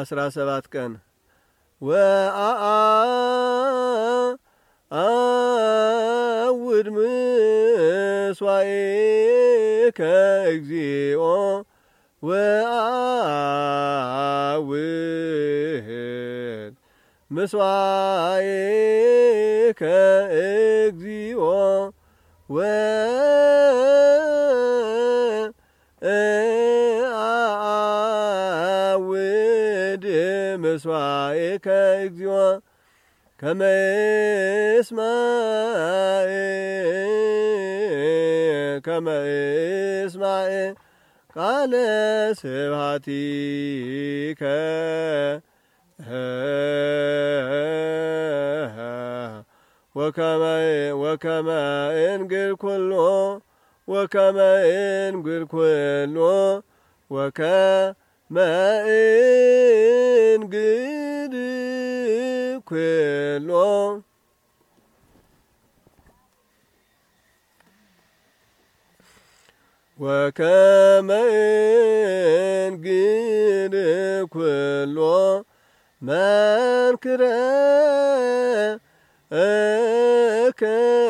አስራ ሰባት ቀን ወአአውድ ምስዋኤከ እግዚኦ ወአአውድ ምስዋኤከ እግዚኦ ምስዋኤከ እግዚኦ ከመ ይስማዕ ከመ ይስማዕ ቃለ ስብሐቲከ ወከመ እንግድ ኩሎ ወከመ እንግድ ኩሎ ወከመ gidi quello وكما ينقل كل من كره